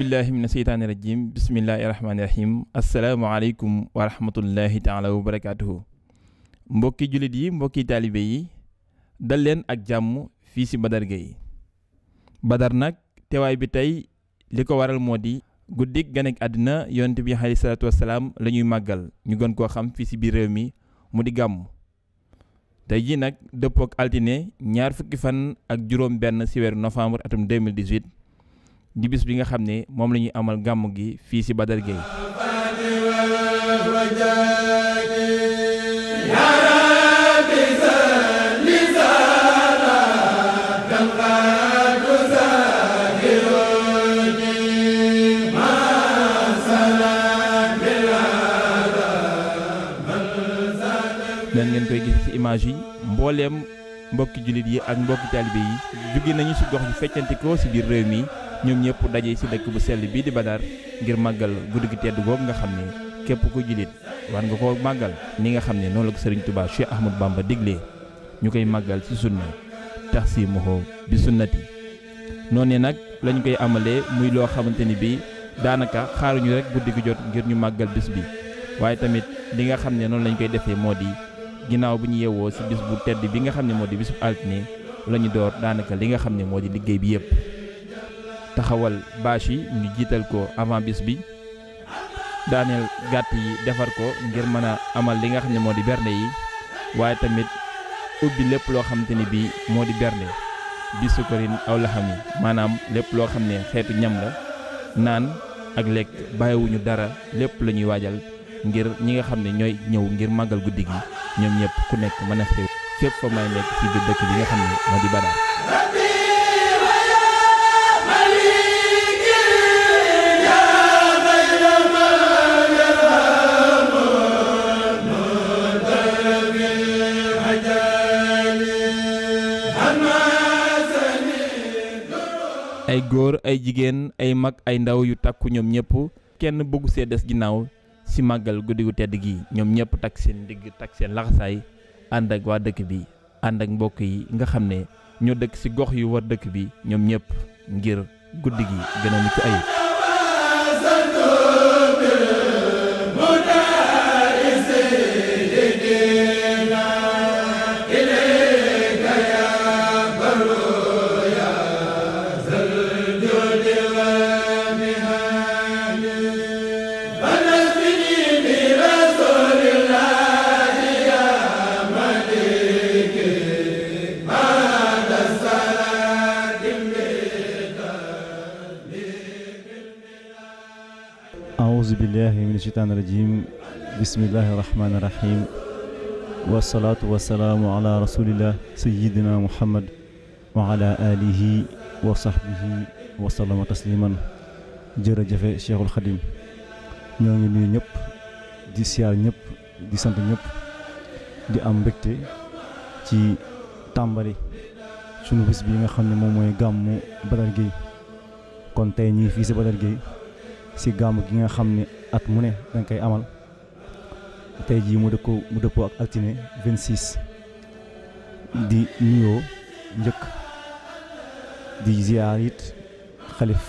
billahi mina seytaani rajim bisimillahi rahmaani rahim asalaamaaleykum wa rahmatullahi taala wa barakaatuhu mbokki jullit yi mbokki taalibe yi dal leen ak jàmm fii si Badar Gueye Badar nag teewaay bi tey li ko waral moo di guddik ganek àddina yonent bi alayhi salaatu wasalaam la màggal ñu gën koo xam fii si biir réew mi mu di gàmm tey jii nag dëppook altine ñaar fukki fan ak juróom benn si weeru novembre atum 2018 di bi nga xam ne moom lañuy amal gàmm gi fii ci Badar Gueye dan ngeen koy gis ci image yi mbooleem mbokki jullit yi ak mbokki taalibe yi jóge nañu ci gox yu feccantikoo ci biir réew mi ñoom ñëpp daje ci dëkk bu sell bii di Badar ngir màggal guddi gi tedd googu nga xam ne képp ku jullit war nga koo màggal ni nga xam ne noonu la ko Serigne Touba Cheikh Ahmadou Bamba diglee ñu koy màggal ci sunna tax si moxoo bi sunnati noonu nag lañu koy amalee muy loo xamante ni bii daanaka xaaruñu rek guddi gi jot ngir ñu màggal bis bi waaye tamit li nga xam ne noonu lañ koy defee moo di ginnaaw bi ñu yewwoo ci bis bu tedd bi nga xam ne moo di bisu altine la ñu door daanaka li nga xam ne moo di liggéey bi yëpp taxawal bâche yi ñu jiital ko avant bis bi daaneel gàtt yi defar ko ngir mën a amal li nga xam ne moo di bernde yi waaye tamit ubbi lépp loo xamante ni bii moo di bernde bi sukkarin aw laxam yi maanaam lépp loo xam ne xeetu ñam la naan ak lekk bàyyiwuñu dara lépp la ñuy waajal ngir ñi nga xam ne ñooy ñëw ngir màggal guddi gi ñoom ñëpp ku nekk mën a xew fépp fa may nekk ci biir dëkk bi nga xam ne moo di Badar góor ay jigéen ay mag ay ndaw yu takku ñoom ñëpp kenn bëggu see des ginnaaw si màggal guddi gu tedd gi ñoom ñëpp takk seen digg takk seen laxasaay ànd ak waa dëkk bi ànd ak mbokk yi nga xam ne ñoo dëkk si gox yu war dëkk bi ñoom ñëpp ngir guddi gi gën a mucc ayib sheytaani rajim bismillahi rahmaani rahim wasalaatu wasalaamu ala rasulillah sayidina muhammad wa ala alihi wa sahbihi wa sallama tasliman jërëjëfe cheikhul xadim ñoo ngi nuyu ñëpp di siyaar ñëpp di sant ñëpp di am mbégte ci tàmbali sunu bis bi nga xam ne moom mooy gàmmu Badar Gueye kon tey ñii fii si Badar Gueye si gàmmu gi nga xam ne at mu ne dañ koy amal tey jii mu dëkkoo mu dëppoo ak altine 26 di nuyoo njëkk di ziar it xalif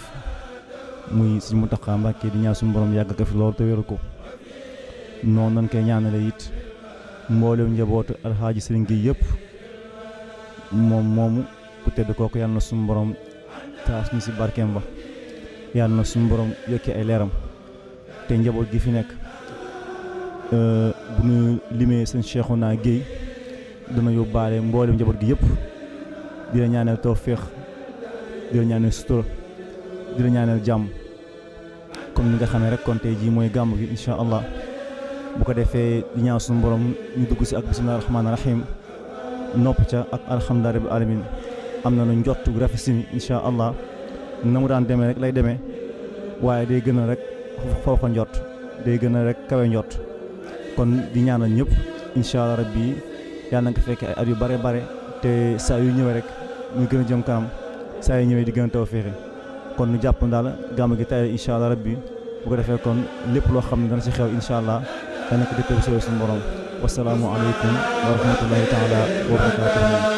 muy Sëñ Muntaxa Mbàkke di ñaan suñu borom yàgg ko fi loolu te wéru ko noonu dañ koy ñaanale it mboolem njabootu alxaaji sëriñ gi yëpp moom moomu ku tedd kooku yàlla na suñu taas ñu si barkeem ba yàlla na suñu borom yokki ay leeram te njaboot gi fi nekk euh, bu ñu limee sëñ Cheikhouna Guèye dana yóbbaale mboolem njaboot gi yëpp di la ñaanal tawféex di la ñaanal sutura di la jàmm comme ni nga xamee rek kon tey jii mooy gàmm gi incha allah bu ko defee di ñaan suñu borom ñu dugg si ak bisimilah rahmaani rahim nopp ca ak alhamdulilah rabbil am na nu njottu rafet si incha allah na mu daan demee rek lay demee waaye day gën a rek. foofa njot day gën a rek kawe njot kon di ñaanal ñëpp incha allah rabbi yàlla na nga fekkee ay at yu bare bare te saa yu ñëwee rek ñu gën a jëm kanam saa yu ñëwee di gën a kon nu jàpp daal gàmm gi tey incha allah rabbi bu ko defee kon lépp loo xam ne dana si xew incha allah dana ko dëppee suñu borom wasalaamualeykum wa rahmatullahi taala wa barakatuh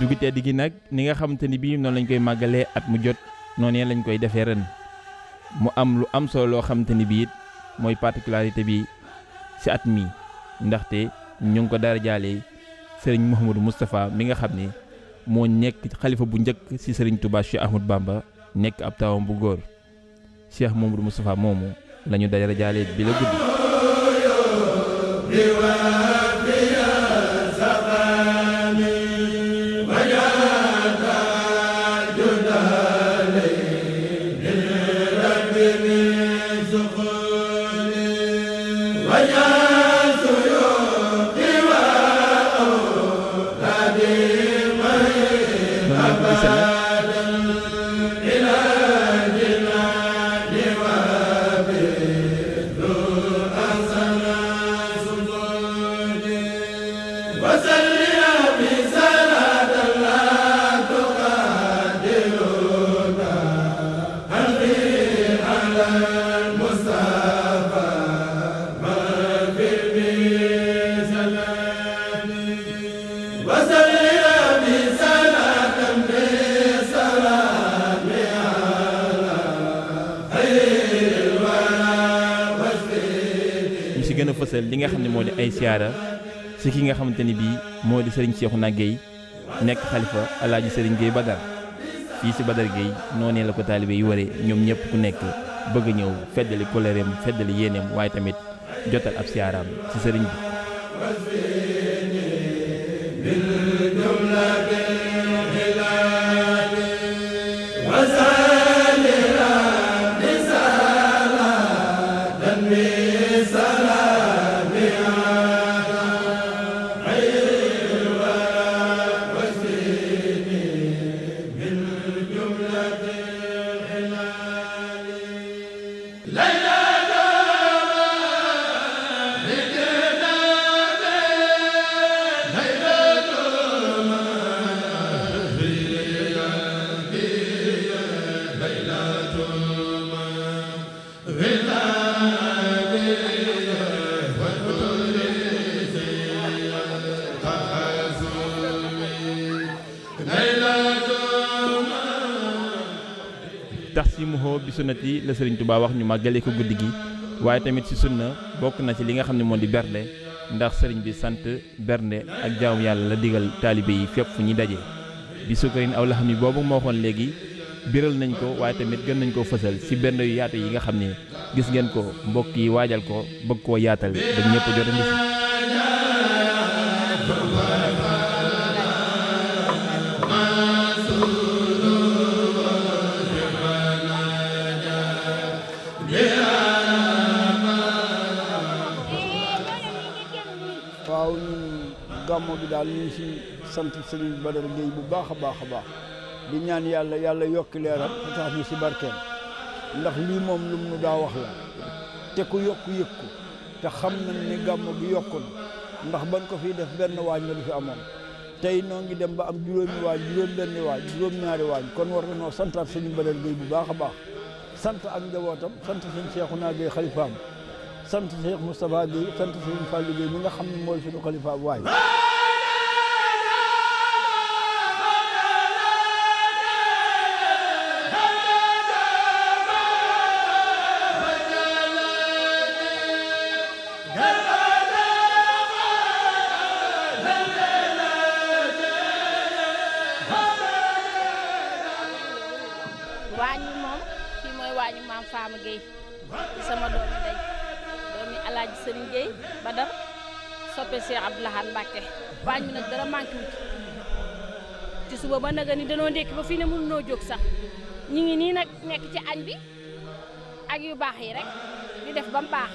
guddi tedd gi nag ni nga xamante ni bii noonu lañu koy màggalee at mu jot noonu lañu koy defee ren mu am lu am solo loo xamante ni bii it mooy particularité bi ci at mi ndaxte ñu ngi ko dara jaalee sëriñ Mouhamadou Moustapha mi nga xam ni moo nekk xalifa bu njëkk ci sëriñ Touba Cheikh Ahmadou Bamba nekk ab tawam bu góor Cheikh Mouhamadou Moustapha moomu lañu ñu dara jaale bi la guddi. yaa li nga xam ne moo di ay siyaara si ki nga xamante ni bii moo di Serigne Cheikhouna Gueye nekk xalifa alaaji Serigne géey Badar fii si Badar noo nee la ko taalibe yi waree ñoom ñëpp ku nekk bëgg ñëw feddali kolereem feddali yéeneem waaye tamit jotal ab siyaaraam si sëriñ bi sunnati la Serigne Touba wax ñu màggale ko guddi gi waaye tamit ci sunna bokk na ci li nga xam ne moo di bernde ndax sëriñ bi sant bernde ak jaamu yàlla la digal taalibe yi fépp fu ñuy daje bi sukkarin aw laxam yi boobu moo xoon léegi biral nañ ko waaye tamit gën nañ koo fësal ci bernde yu yaatu yi nga xam ne gis ngeen ko mbokk yi waajal ko bëgg koo yaatal ba ñëpp jot a bi daal ñu ngi si sant Serigne Badara Gueye bu baax a baax a baax di ñaan yàlla yàlla yokki leeram te tax ñu si barkeem ndax lii moom lu mu daa wax la te ku yokk yëg te xam nañ ne gàmm bi yokku na ndax ban ko fii def benn waañ la du fi amoon tey noo ngi dem ba am juróomi waañ juróom benn waañ juróom ñaari waañ kon war nañoo santaat Serigne Badara géey bu baax a baax sant ak njabootam sant seexu naa Gueye xalifaam sant Cheikh Moustapha Gueye sant sëñ Fallou Gueye mi nga xam ne mooy suñu xalifaam waaye Serigne Gueye Badar soppe Cheikh Abdou Lahad Mbacké waañ bi nag dara manqué wu ba ni danoo ndékki ba fii ne mënu noo jóg sax ñi ngi nii nag nekk ci añ bi ak yu baax yi rek di def ba mu baax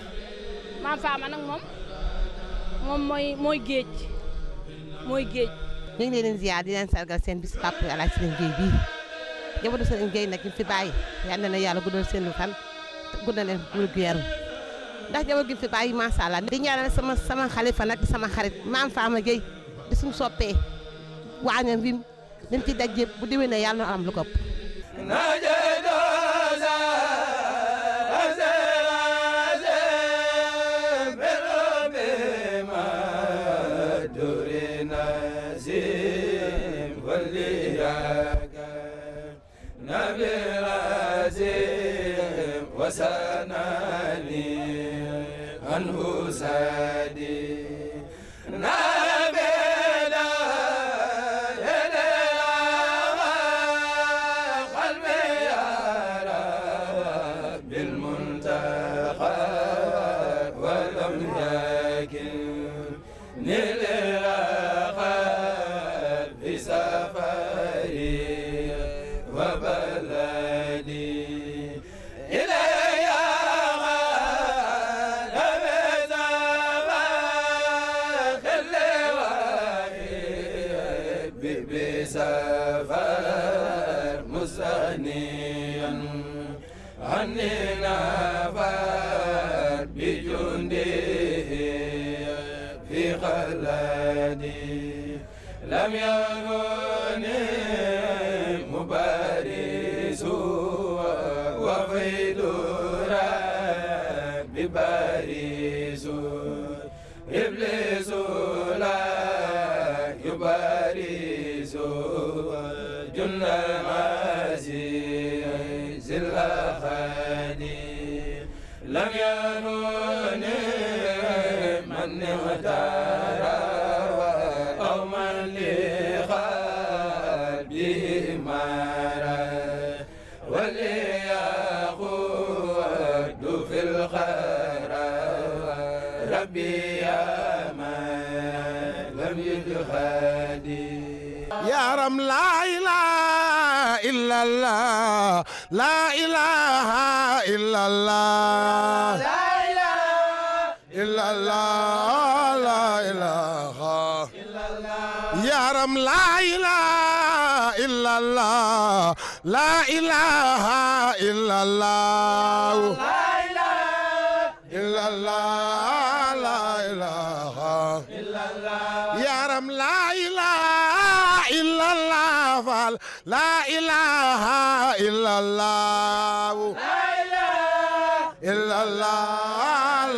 maam faama nag moom mooy mooy géej mooy géej ñu ngi leen ziar di leen sargal seen bis pàpp alaaj Serigne Gueye bii njabootu Serigne Gueye nag ñu fi bàyyi yal na yàlla guddal seen fan guddal leen wér gu ndax jabar gi fi bàyyi macha di ñaanal sama xalifa nag sama xarit maam Fama Gueye di suñu soppee waañam bi dañ ci daj bu déwénee yàlla na am lu ko وسلم لم يروا yaaram laa ilaaha illallah laa ilaaha illallah laa ilaaha illallah laa ilaaha illallah laa ilaaha illallah laa ilaaha illallah yaram laa ilaaha illallah fal laa ilaaha illallah laa ilaaha illallah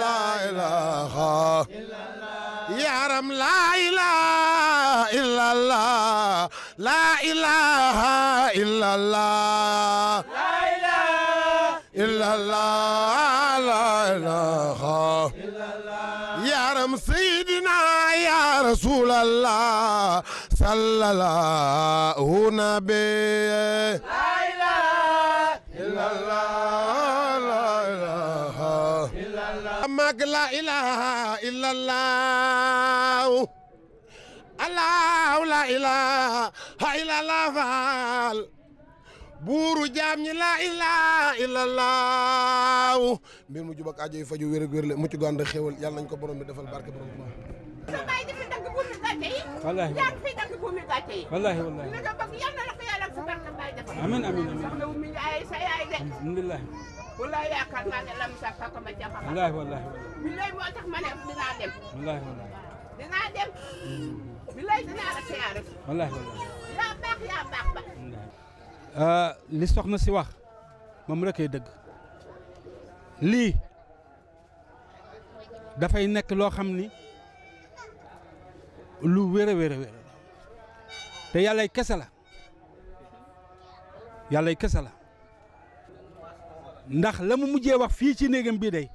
laa ilaaha illallah yaram laa لا إله إلا الله لا إله إلا الله لا إله إلا الله يا رم سيدنا يا رسول الله صلى الله نبي لا إله إلا الله لا إله إلا الله لا إله إلا الله الله لا إله hay la laafaal buuru jaam ñi laa ilaa ilallaaw mbir mu jub ak faju wér ak wér le mucc gu ànd xéwal ko borom bi defal barke borom Tuubaa sa baay di fi dagg buumi gàcce yi wallaahi yaa ngi buumi gàcce yi wallaahi wallaahi li nga bëgg yal na la ko yàlla sa mi ngi moo tax ma ne dinaa Euh, li soxna si wax moom rek ay dëgg lii dafay nekk loo xam ni lu wér a wér a wér yàllay kese la yàlla yàllay kese la ndax la mu mujjee wax fii ci néegam bii day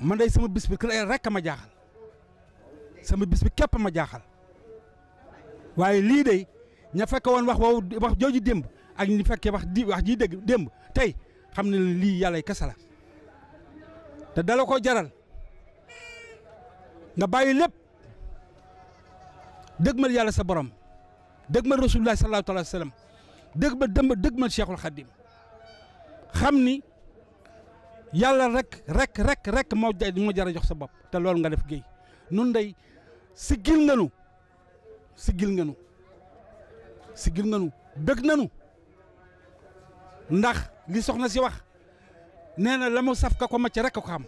man day sama bis bi kër rekk a ma jaaxal sama bis bi képp ma jaaxal waaye lii de ña fekk woon wax wow wax jooju démb ak ñi fekkee wax di wax ji dégg démb tey xam ne lii yàlla kese la te dala ko jaral nga bàyyi lépp dëgmal yàlla sa borom dëgmal rasulullah sallallahu alayhi wa sallam dëgmal dëgmal dëgmal cheikhul xadim xam ni yàlla rek rek rek rek moo moo jar a jox sa bopp te loolu nga def géey nun day siggil nga nu siggil nga nu siggil nga nu bëgg ndax li soxna si wax nee na la saf ka ko macc rekk ko xam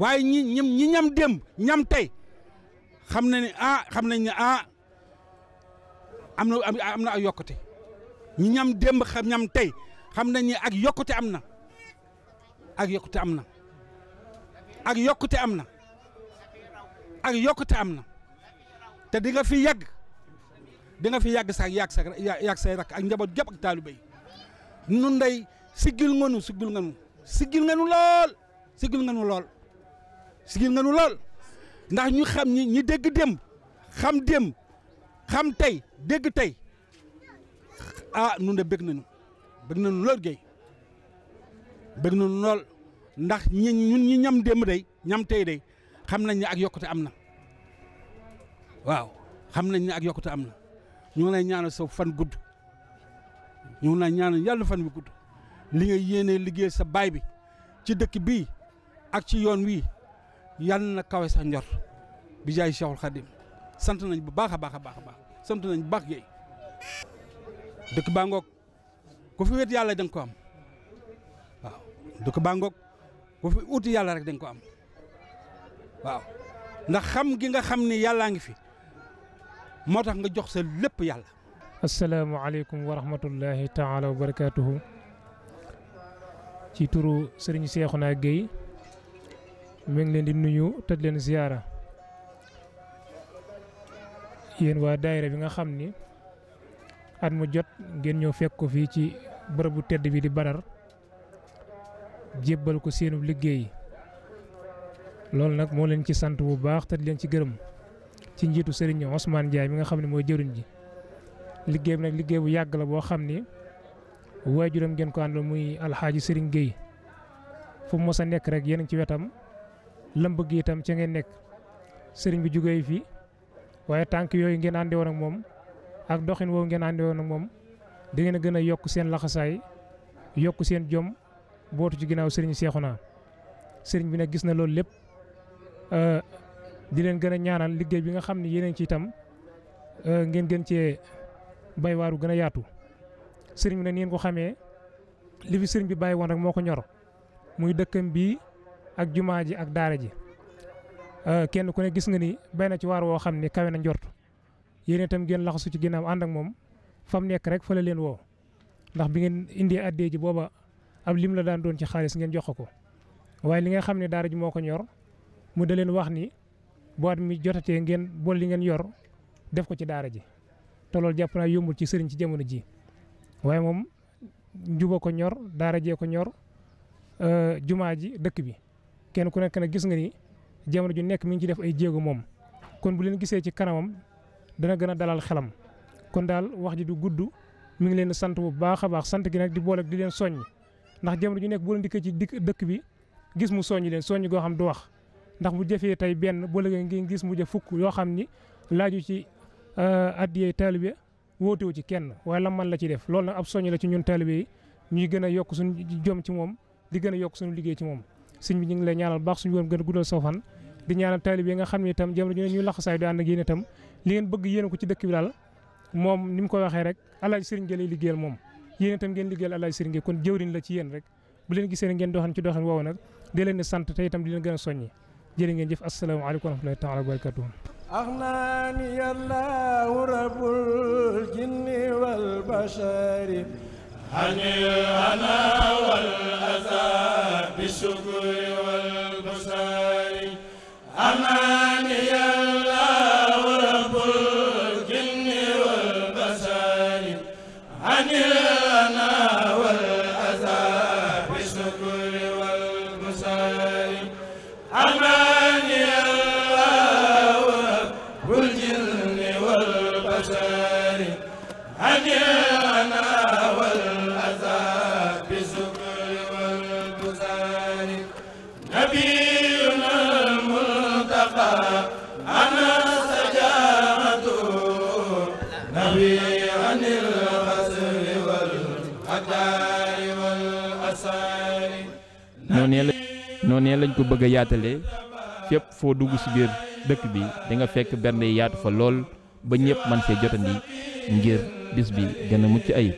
waaye ñi ñam ñi ñam démb ñam tey xam na ni ah xam nañ ne ah am na am na ak yokkute ñi ñam démb ñam tey xam nañ ni ak yokkute am na ak yokkute am na ak yokkute am na ak yokkute am na te di nga fi yàgg di fi yàgg sax yàgg sa yàgg say rakk ak njaboot gépp ak taalibe yi nun day siggil nga nu siggil nga nu siggil nga nu lool siggil nga nu lool ndax ñu xam ñi ñi dégg démb xam démb xam tey dégg tey ah nun de bëgg nañu bëgg nañu lool géey bëgg nañu lool ndax ñi ñun ñi ñam démb day ñam tey day xam nañ ne ak yokkute am na waaw xam nañ ne ak yokkute am na ñu ngi lay ñaanal sa fan gudd ñu ngi lay ñaanal yàlla fan wi gudd li nga yéenee liggéey sa baay bi ci dëkk bii ak ci yoon wii yàlla na kawe sa njor bi jaay Cheikhul Khadim sant nañ bu baax a baax a baax a baax sant nañ bu baax géey dëkk baa ngoog ku fi wet yàlla danga ko am waaw dëkk baa ngoog ku fi uti yàlla rek danga ko am waaw ndax xam gi nga xam ni yàllaa ngi fi moo tax nga jox sa lépp yàlla. asalaamaaleykum wa rahmatullahi taala wa barakaatuhu ci turu Serigne Cheikhouna Gueye mi ngi leen di nuyu tëj leen ziyaara yéen waa daayira bi nga xam ni at mu jot ngeen ñëw fekk ko fii ci bërëb bu tedd bii di Badar jébbal ko seenu liggéey loolu nag moo leen ci sant bu baax tëj leen ci gërëm. ci njiitu sëriñ ñoom Ousmane Ndiaye mi nga xam ne mooy jëriñ ji liggéey bi nag liggéey bu yàgg la boo xam ni waajuram ngeen ko àndal muy alxaaji sëriñ Guèye fu mu a nekk rek yéen ci wetam lëmb gi itam ca ngeen nekk sëriñ bi jugee fi waaye tànk yooyu ngeen àndi woon ak moom ak doxin woowu ngeen àndi woon ak moom da ngeen a gën a yokk seen laxasaay yokk seen jom bootu ci ginnaaw sëriñ naa sëriñ bi nag gis na loolu lépp. Euh, di leen gën a ñaanal liggéey bi nga xam ne yéen ci itam euh, ngeen gën ce bay waaru gën a yaatu sëriñ bi ne ngeen ko xamee li fi sëriñ bi bàyyi woon rek moo ko ñor muy dëkkam bi ak jumaa ji ak daara ji euh, kenn ku ne gis nga ni bay na ci waar woo xam ne kawe na njort yéen itam ngeen laxasu ci ginnaaw ànd ak moom fam nekk rek fa leen woo ndax bi ngeen indee addee ji booba ab lim la daan doon ci xaalis ngeen jox ko waaye li nga xam ne daara ji moo ko ñor leen wax ni. bu at mi jotatee ngeen bool li ngeen yor def ko ci daara ji te loolu jàpp naa yombul ci sëriñ ci jamono ji waaye moom njuba ko ñor daara jee ko ñor euh, jumaa ji dëkk bi kenn ku nekk nag gis nga ni jamono ju nekk mi ngi ci def ay jéego moom kon bu leen gisee ci kanamam dana gën a dalal xelam kon daal wax ji du gudd mi ngi leen sant bu baax a baax sant gi nag di boole di leen soññ ndax jamono ju nekk bu leen dikkee ci dëkk bi gis mu soññ leen soññ goo xam du wax ndax bu jëfee tey benn bu ngeen gis mu jëf fukk yoo xam ni laaju ci euh, addiyee taalibe wóotewu ci kenn waaye la man la ci def lool nag ab soññ la ci ñun taalibe yi ñuy gën a yokk suñu jom ci moom di gën a yokk suñu liggéey ci moom sëñ bi ñu ngi lay ñaanal baax suñu woon gën a guddal sa fan di ñaanal nga xam ne itam jamono ju ne ñuy laxasaay di ànd ak yéen itam bëgg yéen ko ci dëkk bi daal moom ni mu ko waxee rek alaaji sëriñ gi lay liggéeyal moom yéen itam ngeen liggéeyal alaaji sëriñ gi kon jëwriñ la ci yéen rek bu leen gisee ngeen doxan ci doxan woowu nag di leen sant te di leen gën a jërë ngeen jëf asalaamaaleykum wa rahmatulahi taala wa barakatuhu axnaani yallaahu rabbul jinni wal bashari hani ana wal aza bi shukri wal bashari amaani ne lañ ko bëgg a yaatalee fépp foo dugg ci biir dëkk bi di nga fekk bernde yaatu fa lool ba ñëpp man see jotandi ngir bis bi gën a mucc ay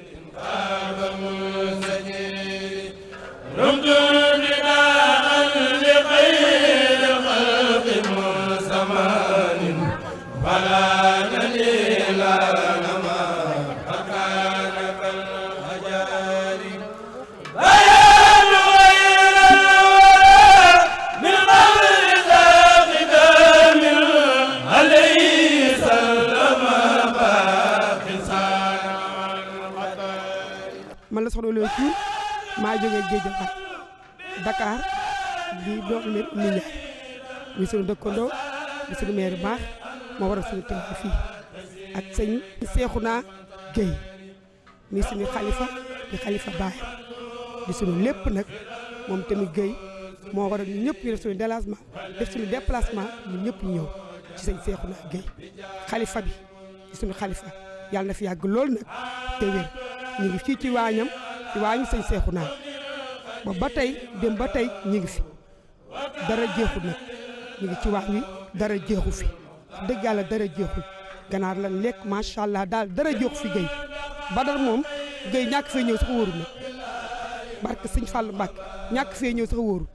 maa jógee Guédiawaye Dakar di dox leen nit ñi muy sunu dëkkandoo di sunu maire baax moo waral sunu teewaay fii ak sëñ Seexuna Guèye mi sunu xalifa di xalifa baay di sunu lépp nag moom tamit Guèye moo waral ñu ñëpp ñu def sunu déplacement def sunu déplacement ñu ñëpp ñëw ci sëñ Seexuna Guèye xalifa bi di sunu xalifa yàlla na fi yàgg lool nag te ñu ngi fii ci waañam ci waa waañu sëñ seexu naa ba ba tey dem ba tey ñu ngi fi dara jeexul nag ñu ngi ci wax wi dara jeexu fi dëgg yàlla dara jeexul ganaar la nekk macha allah daal dara jeexu fi géy badar moom géy ñàkk fee ñëw sax wóoru nag barke sëñ Fàllu Mbàkke ñàkk fee ñëw sax wóoru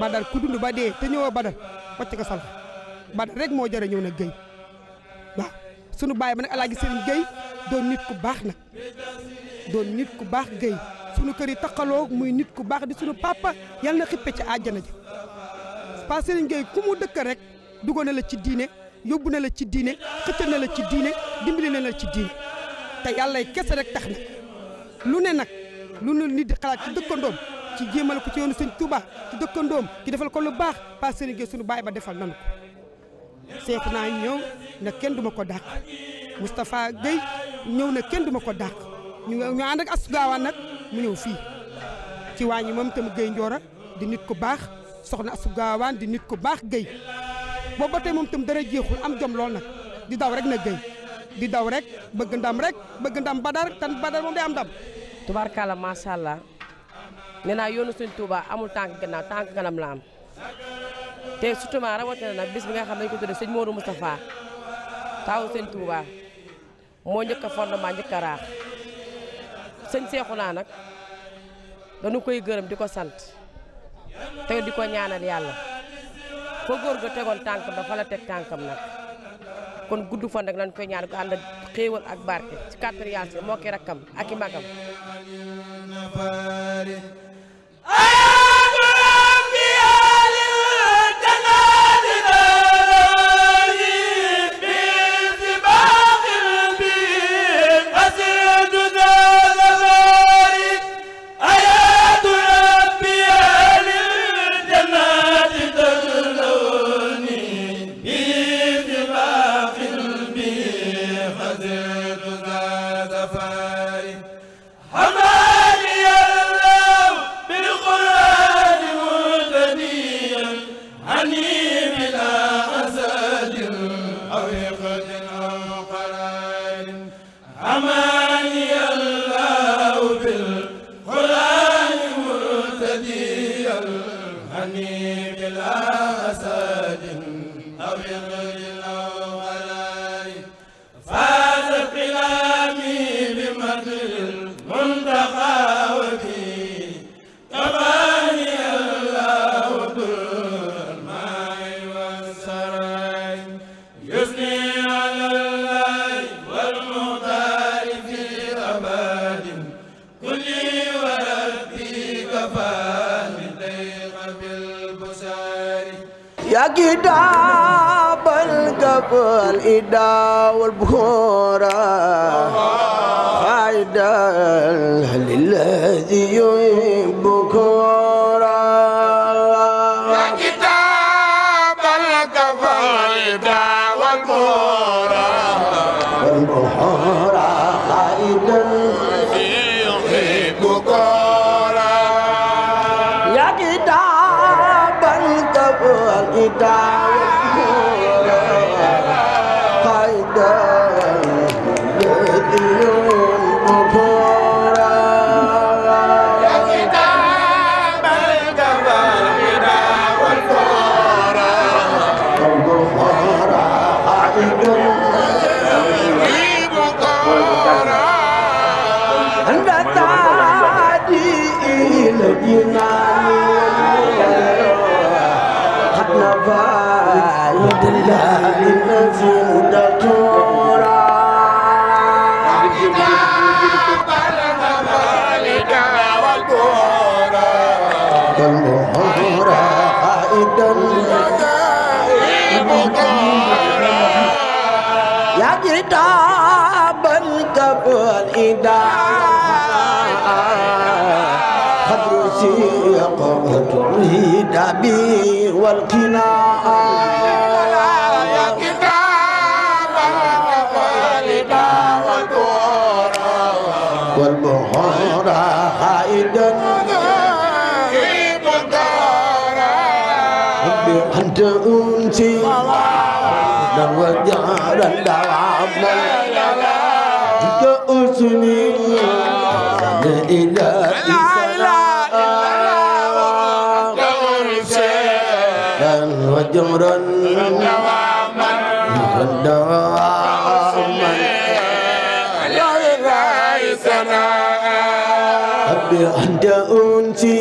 badar ku dund ba dee te ñëwoo badar wacc ko salfa badar rek moo jara ñëw na géy waaw sunu bàyyi ba nag alaaji sëriñ géy doon nit ku baax nag doon nit ku baax géy sunu kër yi taqaloo muy nit ku baax di sunu papa yal na xippe ci àjjana ji parce que Serigne Gueye ku mu dëkk rek dugal na la ci diine yóbbu na la ci diine xëccal na la ci diine dimbali na la ci diine te yàlla kese rek tax na lu ne nag lu nu nit di xalaat ci dëkkandoom ci jéemal ko ci yoonu sëñ Touba ci dëkkandoom ci defal ko lu baax parce que Serigne Gueye sunu baay ba defal nanu ko seet naa ñëw na kenn duma ko dàq Moustapha Gueye ñëw na kenn duma ko dàq ñu ñu ànd ak Astou nag mu ñëw fii ci waañ yi moom itam Guèye Ndiora di nit ko baax soxna Astou Gawane di nit ko baax Guèye boobu ba tey moom itam dara jeexul am jom lool nag di daw rek na Guèye di daw rek bëgg ndam rek bëgg ndam badar tan badar moom day am ndam. tubaarkàlla macha allah nee naa yoonu suñ Touba amul tànk gannaaw tànk kanam la te surtout ma rawatina nag bis bi nga xam ne dañu ko tuddee sëñ Modou Moustapha taawu sëñ Touba moo njëkk a fondement njëkk a raax sëñ naa nag dañu koy gërëm di ko sant te di ko ñaanal yàlla fa góor ga tegoon tànkam dafa la teg tànkam nag kon gudd fan nag lañ koy ñaan ko ànd ak xéewal ak barke ci kàttan yàlla moo ki rakkam ak i magam الكتاب القبل إدا والبهورة فايدة للذي يحبكم التوحيد بي والقناعة والبحور حائدا في مدارا أنت أنسي لا وجعل العبد أنت أسني لا إله إلا جمرا دواما لغاي سناء أبي أنت أنتي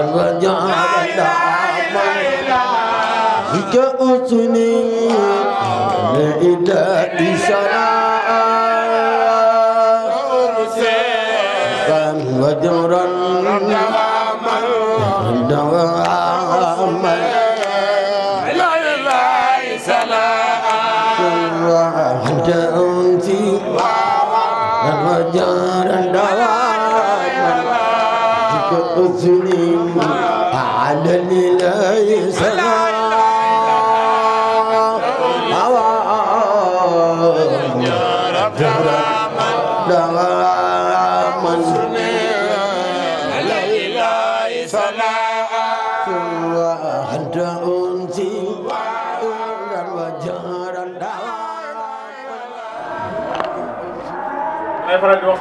الرجاء دواما جاءتني لإلى إسراء وجرا دواما دواما جار دواما ذكر الظلم على ليس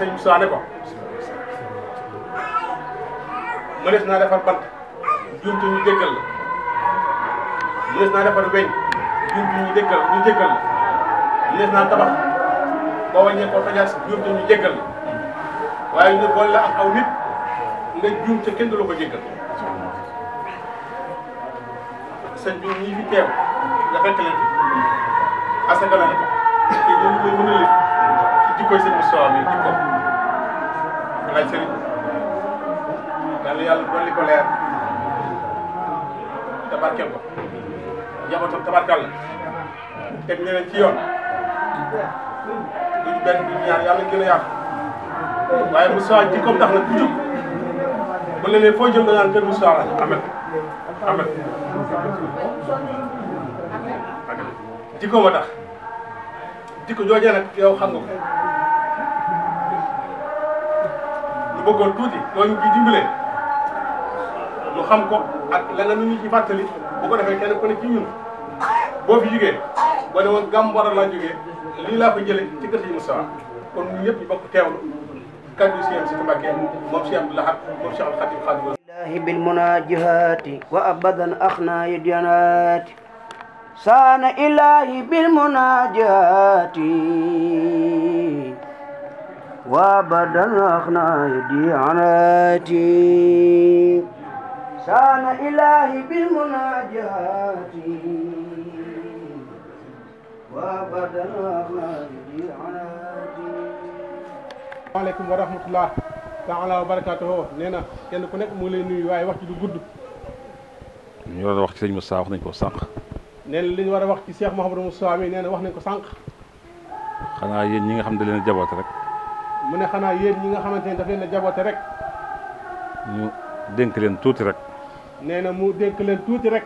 sëñ Moussa ne ko mënees naa defar bant jumtu ñu jéggal la mënees naa defar weñ jumtu ñu jéggal ñu jéggal la mënees waaye ñu boole la ak aw nit nga juum kenn du la ko jéggal sëñ fi teew nga fekk leen asaka la ne ko te ñoom a lépp ci jikkoy sëñ Moussa mi Baye Serigne yàlla yàlla dolli ko leer tabarkeel ko njabootam tabarkal la teg ne leen ci yoon duñ benn duñ ñaar yàlla gën a yàqu waaye Moussa ji comme tax na ku jub bu ne leen foo jëm da naan yow xam bëggoon tuuti dooñu ci dimbale ñu xam ko ak leneen lu ñu ci fàttali bu ko defee kenn ku ne ci ñun boo fi jugee boo ne woon gàmm war laa jógee lii laa ko jële ci kër yi Moustapha kon ñun ñëpp ñu bokk teewlu kaddu siyam si Mbàkke moom siyam bi laxat moom Cheikh Al Khadim Khadim الله بالمناجهات وأبدا أخنا يدينات سان إلهي بالمناجهات وابدا اخنا يدي عناتي سان الهي بالمناجات وابدا اخنا يدي عناتي وعليكم ورحمه الله taala wa barakaatuhu nee na kenn ku nekk mu lay nuyu waaye wax ci du gudd ñu war a wax ci sëñ Moussa wax nañ ko sànq nee na li ñu war a wax ci Cheikh Mouhamadou Moussa mi nee na wax nañ ko sànq xanaa yéen ñi nga xam ne da leen a jaboot rek mu ne xanaa yéen ñi nga xamante ne daf leen a jaboote rek. ñu dénk leen tuuti rek. nee na mu dénk leen tuuti rek.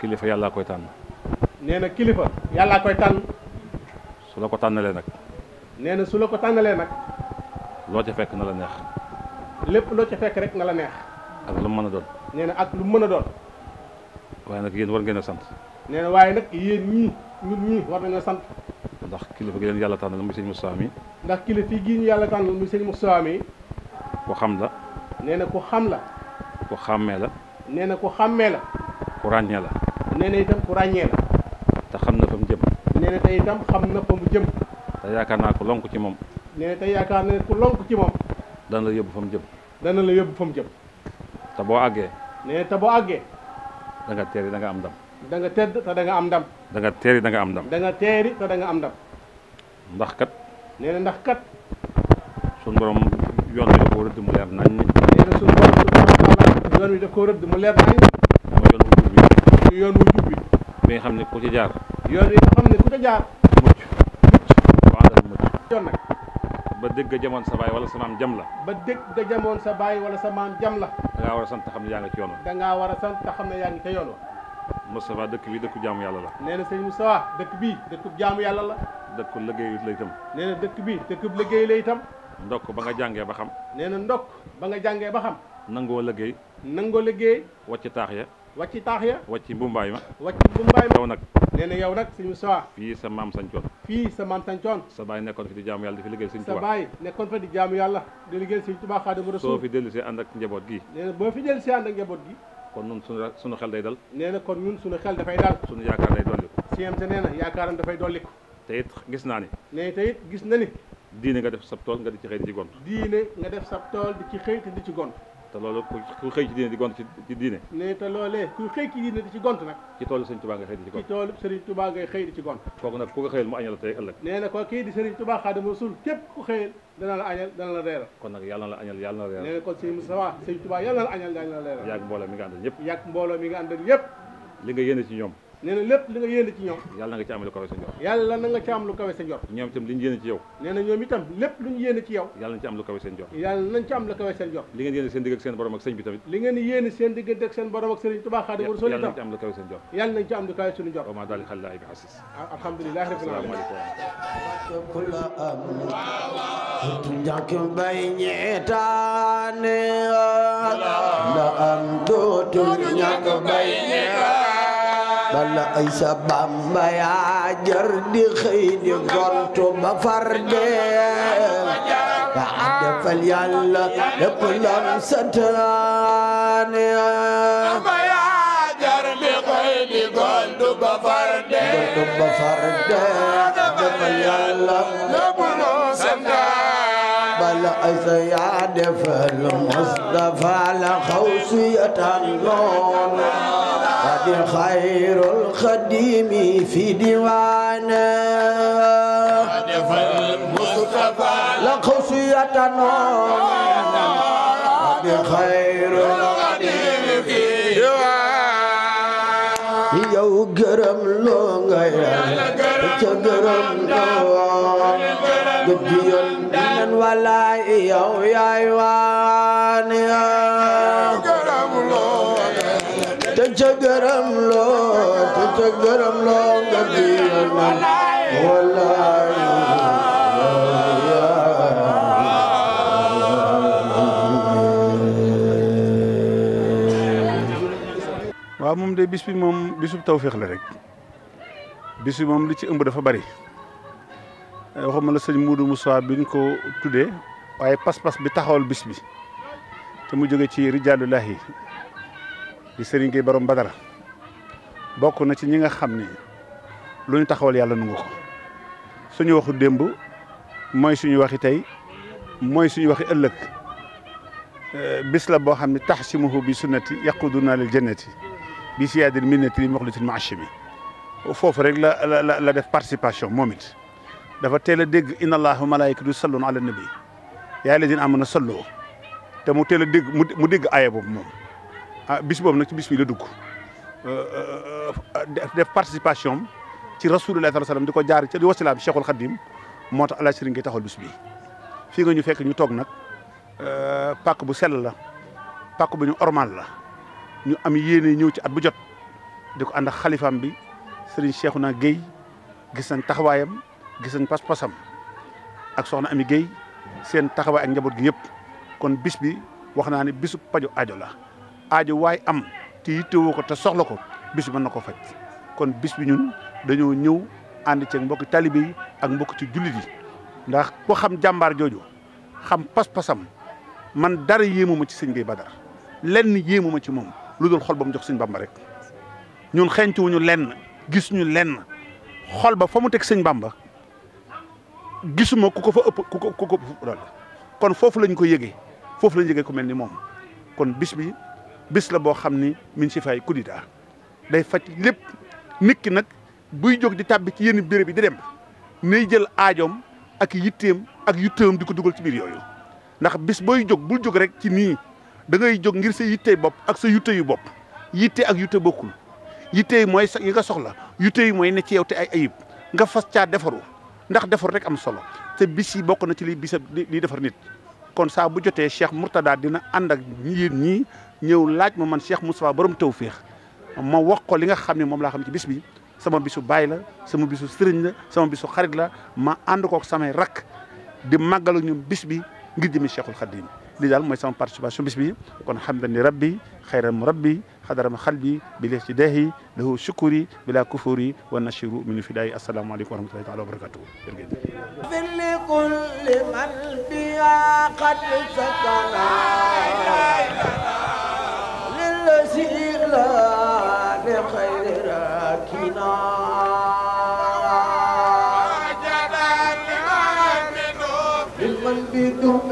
kilifa yàllaa koy tànn. nee na kilifa yàllaa koy tànn. su la ko tànnalee nag. nee na su la ko tànnalee nag. loo ca fekk na la neex. lépp loo ca fekk rek na la neex. ak lu mën a doon. nee na ak lu mën a doon. waaye nag yéen war ngeen a sant. nee waaye nag yéen ñii ñun ñii war nañoo sant. ndax kilifa gi leen yàlla tànnal muy sëñ Moussa mi. ndax kilifa gii yàlla tànn mu sëñ Moustapha mi ku xam la nee na ku xam la ku xàmmee la nee na ku xàmmee la ku ràññee la nee na itam ku ràññee la te xam na fa mu jëm nee na te itam xam na fa mu jëm te yaakaar naa ku lonk ci moom nee na te yaakaar na ku lonk ci moom dana la yóbbu fa mu jëm dana la yóbbu fa mu jëm te boo àggee nee te boo àggee da nga teeri da nga am ndam da nga tedd te da nga am ndam da nga teeri da nga am ndam da te da nga am ndam ndax kat nee na ndax kat suñu borom yoon wi da koo rëdd mu leer nañ ne nee na suñu borom subhaanahu wa taala yoon wi da koo rëdd mu leer nañ mooy yoon wu jub bi muy yoon wu jub bi bi nga xam ne ku ci jaar yoon yi nga xam ne ku ca jaar mucc mucc waa dal mucc yoon nag ba dégg jamoon sa baay wala sa maam jam la ba dégg jamoon sa baay wala sa maam jam la da ngaa war a sant xam ne yaa ngi ci yoon wa da ngaa war a sant xam ne yaa ngi ca yoon wa Moustapha dëkk bi dëkku jaamu yàlla la nee na sëñ Moustapha dëkk bii dëkku jaamu yàlla la dëkku liggéeyut la itam. nee na dëkk bii dëkkub liggéey la itam. ndokk ba nga jàngee ba xam. nee na ndokk ba nga jàngee ba xam. nangoo liggéey. nangoo liggéey. wàcc taax ya. wàcc taax ya. wàcc mbumbaay ma. wàcc mbumbaay ma yow nag. nee na yow nag suñu Moussa. fii sa maam sañcoon. fii sa maam sañcoon. sa baay nekkoon fi fi liggéey Sëriñ Tuubaa. sa baay nekkoon fa di jaamu yàlla di liggéey Sëriñ Tuubaa Xaadimu Rasuul. soo fi boo fi dellusee ànd ak njaboot gi. kon ñun suñu suñu xel day dal. nee na kon ñun suñu xel dafay dal. suñu yaakaar day dolliku. CMC nee na yaakaaram dafay te it gis naa ni ne te it gis na ni diine nga def sab tool nga di ci xëy di ci gont diine nga def sab tool di ci xëy te di ci gont te loolu ku xëy ci diine di ci diine te loolee ku xëy di ci gont nag ci toolu Serigne Touba nga xëy di ci ci toolu Serigne Touba ngay xëy di ku ko xëyal mu añal tey ëllëg nee na ko kii di Serigne Touba Xaadimu Rasuul képp ku xëyal dana la añal dana la reeral kon nag yàlla na la añal yàlla na la reeral nee na kon Serigne Moustapha Serigne Touba yàlla na la añal yàlla na la reeral yàgg mbooloo mi nga àndal ñëpp yàgg mbooloo mi nga àndal ñëpp li nga yéene ci ñoom nee na lépp li nga yéene ci ñoom yàlla na nga ci am lu kawe sa njort yàlla na nga ci am lu kawe sa njort ñoom itam li ñu yéene ci yow nee na ñoom itam lépp lu ñu yéene ci yow yàlla nañ ci am am lu kawe seen njort li ngeen yéene am lu kawe seen bala ay bamba yaa jar di di gontu ba far dee ba defal yàlla lépp lam bamba yaa jar di xëy di ba far dee gontu ba far dee defal bala ay sa yaa defal Mustafa la xaw suyatan di xayrul xadimi fi diwaana defal Mustafa la xusiyatano di xayrul xadimi fi diwaana yow gërëm loo nga yàlla ca gërëm loo walaay yow yaay waane gërëm waaw moom de bis bi moom bisub taw la rek bis bi moom li ci ëmb dafa bari eh, waxuma la sëñ Moudou Moussa biñ ko tuddee waaye pas-pas bi taxawal bis bi te mu jóge ci rijaalullahi di sëriñ Gueye borom Badara bokk na ci ñi nga xam ni lu ñu taxawal yàlla nangu ko suñu waxu démb mooy suñu waxi tey mooy suñu waxi ëllëg euh, bis la boo xam ne taxsimuhu bi sunnati yaquduna lil jannati bi siyaadil minnati li muxlisil maachimi foofu rek la la la def participation moom it dafa teel a dégg inna allaha wa malaayikatu yusalluuna ala nabi yaa alladiina aamanu sallu te mu teel a dégg mu dégg aaya boobu moom ah bis boobu nag ci bis bi la dugg Euh, euh, euh, def participation ci rasulullah sallallahu alayhi di ko jaar ci di wasila bi Cheikhul Khadim moo tax Alaaji Sëriñ gi taxal bis bi fii nga ñu fekk ñu toog nag pàkk bu sell la pakk bu ñu ormal la ñu am yéene ñëw ci at bu jot di ko ànd xalifaam bi Sëriñ Cheikhouna Guèye gis nañ taxawaayam gis nañ pas-pasam ak soxna Ami Guèye seen taxawaay ak njaboot gi yëpp kon bis bi wax naa ne bisu paju aajo la aajo waay am te yittewoo ko te soxla ko bis man na ko faj kon bis bi ñun dañoo ñëw ànd ceeg mbokki talibe yi ak mbokk ci jullit yi ndax ku xam jàmbaar jooju xam pas-pasam man dara yéemuma ci sëñ bi Badar lenn yéemuma ci moom lu dool xol ba mu jox sëñ Bamba rek ñun xencuwuñu lenn gisuñu lenn xol ba fa mu teg sëñ Bamba gisuma ku ko fa ëpp ku ko ku ko kon foofu lañ ko yége foofu lañ yëgee ku mel ni moom kon bis bi bis la boo xam ni mi ngi si fay coup day faj lépp nit ki nag buy jóg di tàbbi ci yenn béréb yi di dem nay jël aajoom ak yitteem ak yitteem di ko dugal ci biir yooyu ndax bis booy jóg bul jóg rek ci nii da ngay jóg ngir sa yittey bopp ak sa yitte yu bopp yitte ak yitte bokkul yitte yi mooy yi nga soxla yitte yi mooy ne ci yow te ay ayib nga fas caa defaru ndax defar rek am solo te bis yi bokk na ci li bisa li defar nit kon saa bu jotee dina ànd ñëw laaj ma man Cheikh Moustapha borom tawféex ma wax ko li nga xam ne moom laa xam ci bis bi sama bisu baay la sama bisu sëriñ la sama bisu xarit la ma and kook samay rakk di màggal ak ñoom bis bi ngir jëmi Cheikhul Khadim lii daal mooy sama participation bis bi kon hamdan ni rabbi xayran mu rabbi ma xalbi bi lees ci deexi lahu shukuri bila kufuri wa nashiru minu fidayi asalaamaaleykum wa rahmatullahi taala wa barakatuhu jërëjëf fi likulli man biya qad sakana الذي لا لخير راكنا من بدون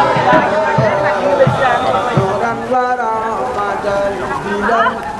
Thank you.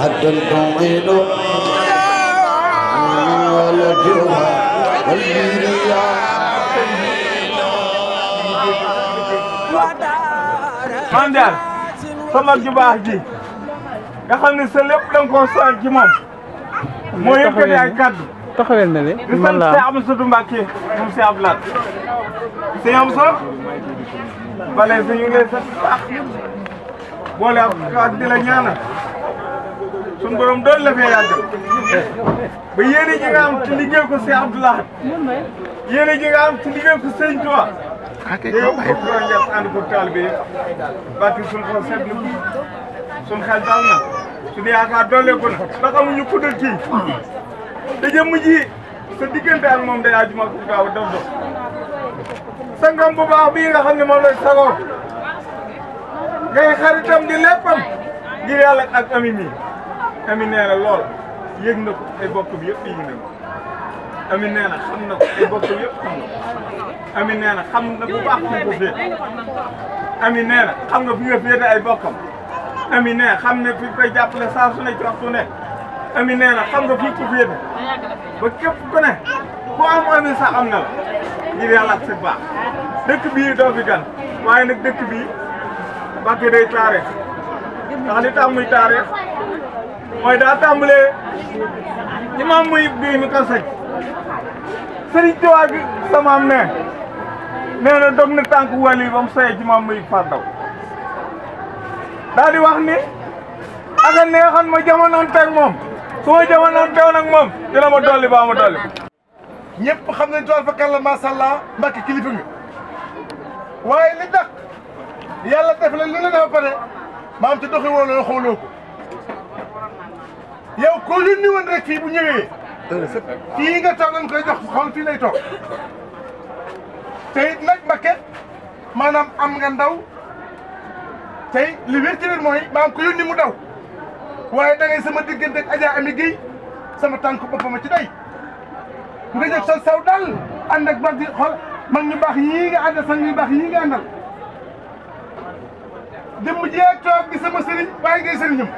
حتى الطويل والجوع والبيريا man daal sa mag ju baax ji nga xam ne sa lépp danga koo soxal ci moom moo yëkkati ay kaddu taxawel na le man laa di sant Seex Amsatu Mbàkke moom Seex Abdu Lahat Seex Amsatu bale sa ñu ngi lay sant baax boole ak di la ñaanal suñu borom doon la fee yàggal ba yéene ji nga am ci liggéey si Abdoulaye yéene ji nga am ci liggéey ko sëñ Tuubaa yow ay pro njas ànd ko taalibe yi bàtti suñu xol sedd na suñu xel dal na suñu yaakaar dooleeku na ndax amuñu ku dul kii te jëmm ji sa diggante ak moom day aju ma ku gaaw daf dox sangam bu baax bii nga xam ne moom lay sagoo xaritam di leppam ngir yàlla ak ami ami nee lool yég na ko ay bokk bi yëpp yëg na ko ami nee na xam na ko ay bokk bi xam na ko ami nee xam na bu baax fu ko féet ami nee na xam nga fi nga féete ay bokkam ami nee xam ne fi koy jàppale saa su ne ci waxtu ne ami nee na xam nga fi ko féete ba képp ku ne ku am ami sax am na la ngir yàlla ak sa baax dëkk bii doo fi gan waaye nag dëkk bii Mbàkke day taarix ndax li tax taarix mooy daa tàmbalee ci maam muy bii mi ko saj sëriñ Tuubaa gi samaam nee na dog na tànk wàll yi ba mu soyee ci maam muy fàddaw daa di wax ni ak a ma jamonoon teg moom su ma jamonoon teewoon ak moom dina ma dolli baa ma dolli ñëpp xam nañ tool fa kan la macha allah mbàkki kilifa li tax yàlla def la li la dafa maam ci doxi woo loolu yow ko yónni woon rek fii bu ñëwee. fii nga toog lañ ko jox xool fii lay toog te it nag Mbakke maanaam am nga ndaw tey li wér ci biir mooy maam ko yónni mu daw waaye da ngay sama diggante ak Adja Ami Guèye sama tànk boppam ci day nga jóg sa saw dal ànd ak mag xool mag ñu baax yii nga àndal sang ñu baax yii nga àndal dem mu jee toog gi sama sëriñ waaye ngay sëriñam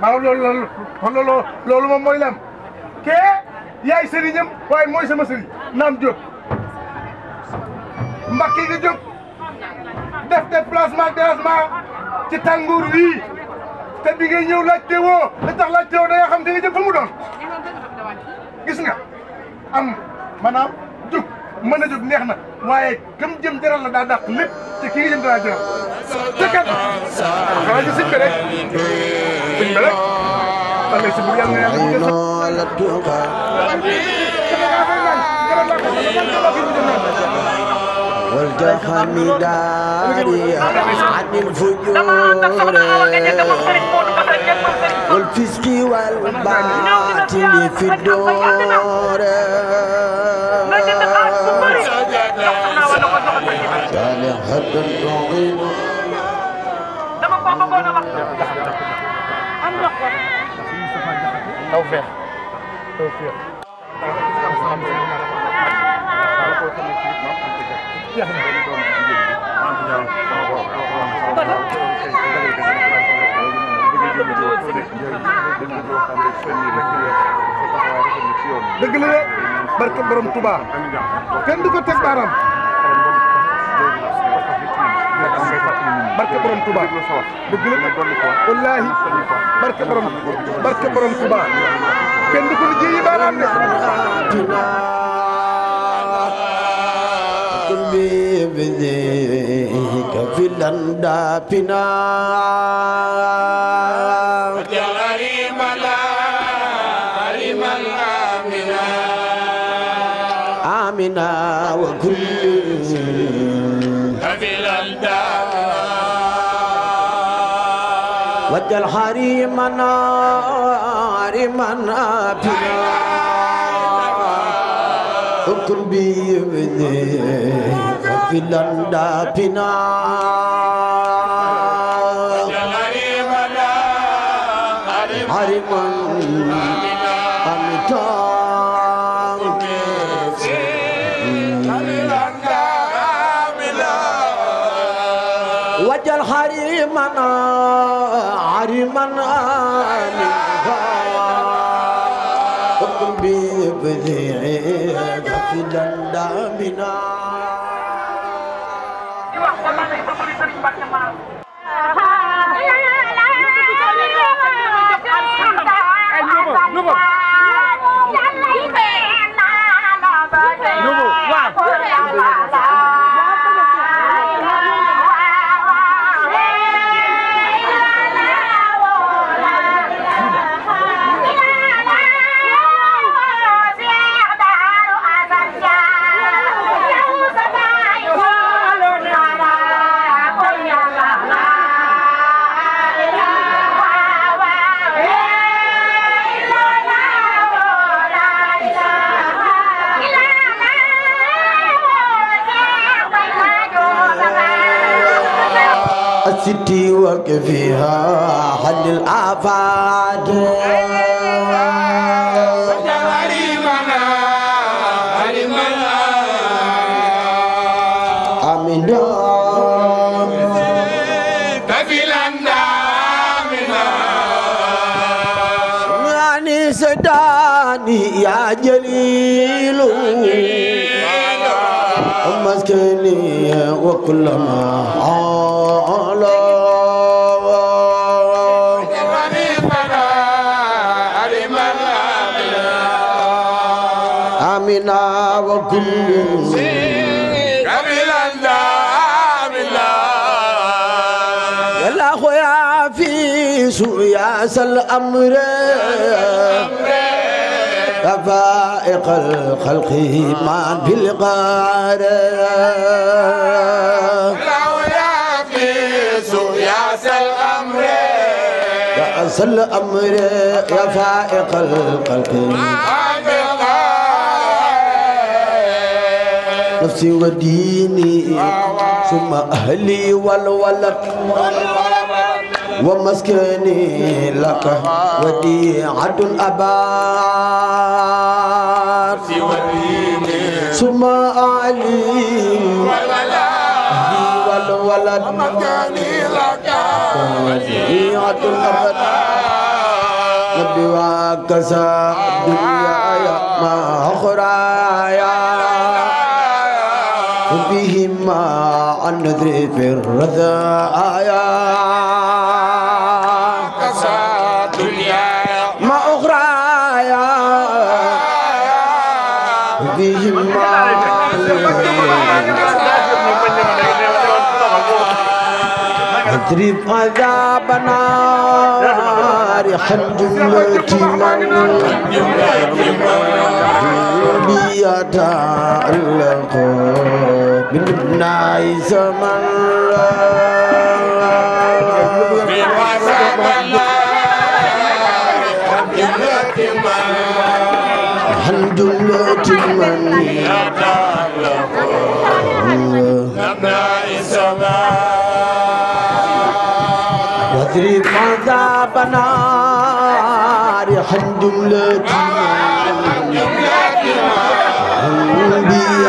maanaam loolu loolu kon loolu loolu moom mooy lam kee yaay sëriñam waaye mooy sama sëriñ naam Diop mbakki nga Diop def déplacement dérangement ci tàngoor wii te bi ngay ñëw laajte woo li tax laajte woo da nga xam te nga jëm fa mu doon gis nga am maanaam mën a jóg neex na waaye kam jëm jaral la daa dàq lépp te kii nga jëm dara jaral te kat xanaa ñu simbi rek simbi rek xale si bu yàlla yàlla ñu def والفسق والباطل في الدور mën a wax am ndox ko taw feex taw feex dëgg la barke borom Touba kenn du ko teg baaraam barke borom Touba dëgg la wallaahi barke borom barke borom Touba kenn du ko liggéeyi baaraam de آمنا وكل واجعل حريمنا حريمنا بنا حكم بيمني وفي لندى بنا ci dandamina di wax ko la وك فيها حل الآفات يا جليل مسكني وكلما كل كاملا داملا يلا خويا في سويا الامر كفائق الخلق ما في القار يا الأمر يا فائق الخلق نفسي وديني ثم أهلي والولد ومسكني لك وديعة أبار ثم أعلي والولد ومسكني لك وديعة أبار نبي وكسا الدنيا ما أخرى بهما عن نذر في الرذايا كسا دنيا ما أخرايا بهما اضرب عذابنا ريحا جملة من جملة من قلبي يتعلق بالناي سمرا هل جملة من يتعلق بالناي سمرا واضرب عذابنا ريحا جملة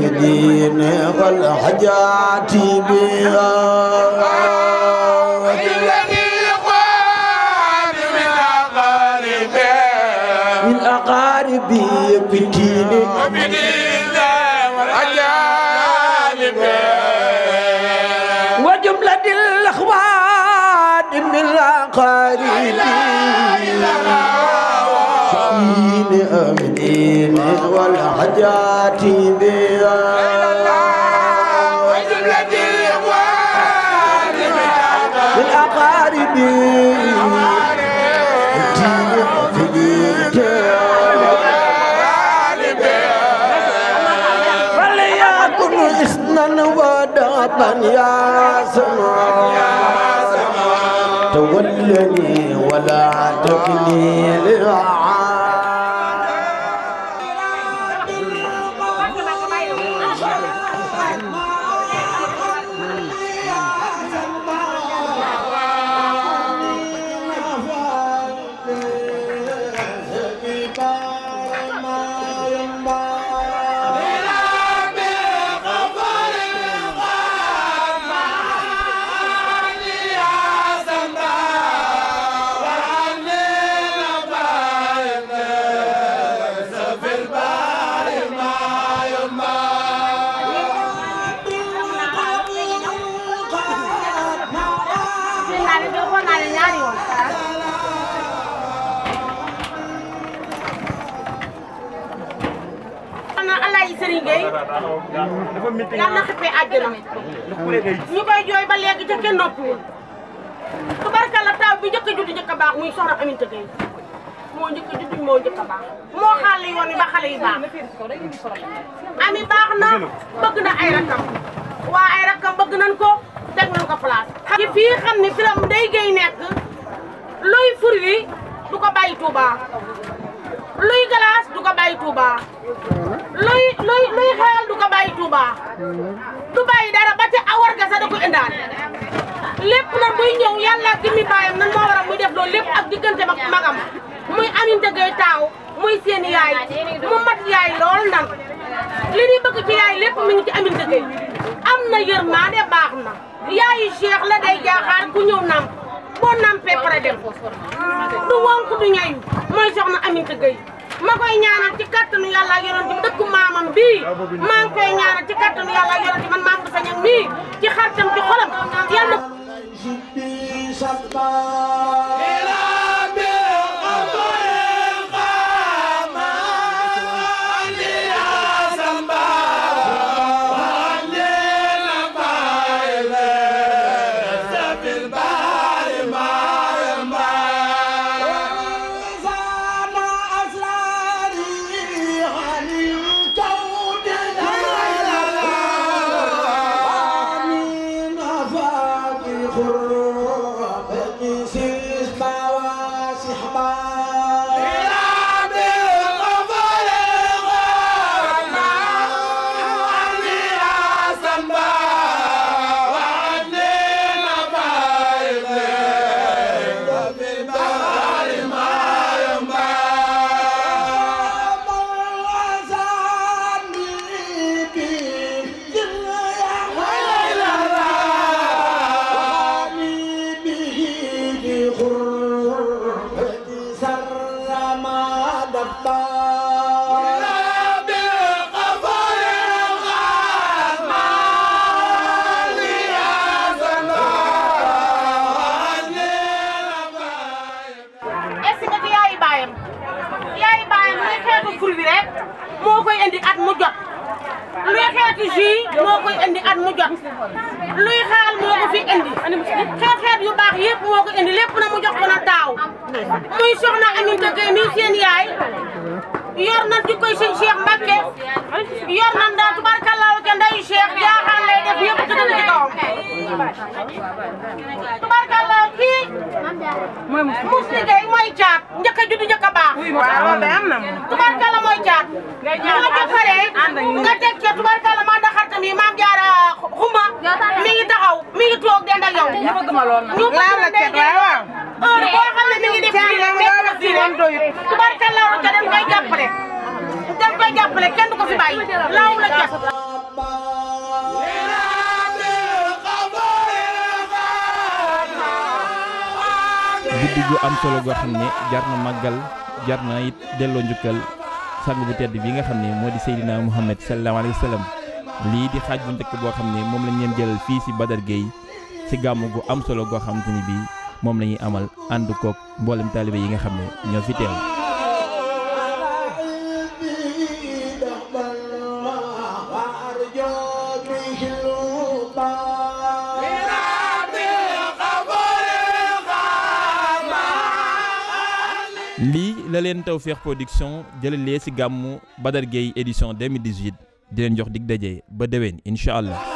الدين والحجات بها الدين والحجات بها يا سماء تولني ولا تكلي للعالم dafa métti yàlla ñu koy jooy ba léegi ca kenn noppiwul tubarkalla taw bi njëkk a judd a baax muy soxna Aminta moo njëkk a judd moo njëkk a yoon yi ba xale yi baax ami baax na bëgg na ay rakam waa ay rakam bëgg nañ ko teg nañ ko place ci fii xam ne fi day géey nekk luy fur du ko bàyyi Touba luy galaas du ko bàyyi Touba luy luy luy xewal du a bàyyi Touba du bàyyi dara ba ca awar ga sax da ko indaale lépp nag buy ñëw yàlla ak baayam nan moo waral muy def loolu lépp ak diggante mag magam muy Aminta taaw muy seen yaay mu mat yaay lool nan li ñuy bëgg ci yaay lépp mi ngi ci Aminta am na yërmande baax na yaayu Cheikh la day jaaxaar ku ñëw nam boo nampee pare dem du wonk du ñayu mooy soxna Aminta ma koy ñaanal ci kattanu yàlla ak yonent bi dëkku maamam bii maa ngi koy ñaanal ci kattanu yàlla ak yonent bi man maam Boussa Niang mii ci xaritam ci xolam yàlla jus moo koy indi at mu luy xaal moo fi indi xeet xeet yu baax yëpp moo ko indi na mu jox ko na daaw muy soxna Aminta Gueye mi seen yaay yor na di koy sëñ Cheikh Mbacke yor na ndaa tubarkallaaw ca ndeyu Cheikh jaaxaan lay def yëpp ci kawam kii Mousli Gueye mooy caat njëkk a juddu njëkk a baax. waaw loolu am na nga teg ca tubarkala ma daxar tamit maam jaara xuma mi ngi taxaw mi ngi toog dend ak yow. ñu bëgg ma lool nag waaw la ca waaw. boo la ca dañ koy jàppale. dañ koy jàppale kenn du ko fi la ca. kaddu gu am solo goo xam ne jar na màggal jar na it delloo njukkal sang bu tedd bi nga xam ne moo di Seydina Muhammad sallallahu alayhi wa sallam lii di xaaj bu njëkk boo xam ne moom lañ leen jëlal fii si Badar Gueye si gàmm gu am solo goo xam te ni bii moom la ñuy amal ànd koog mboolem taalibe yi nga xam ne ñoo fi teew. la leen Tawfekh Production jëlalee ci gàmmu Badar Gueye édition 2018 di leen jox dig daje ba déwén incha allah.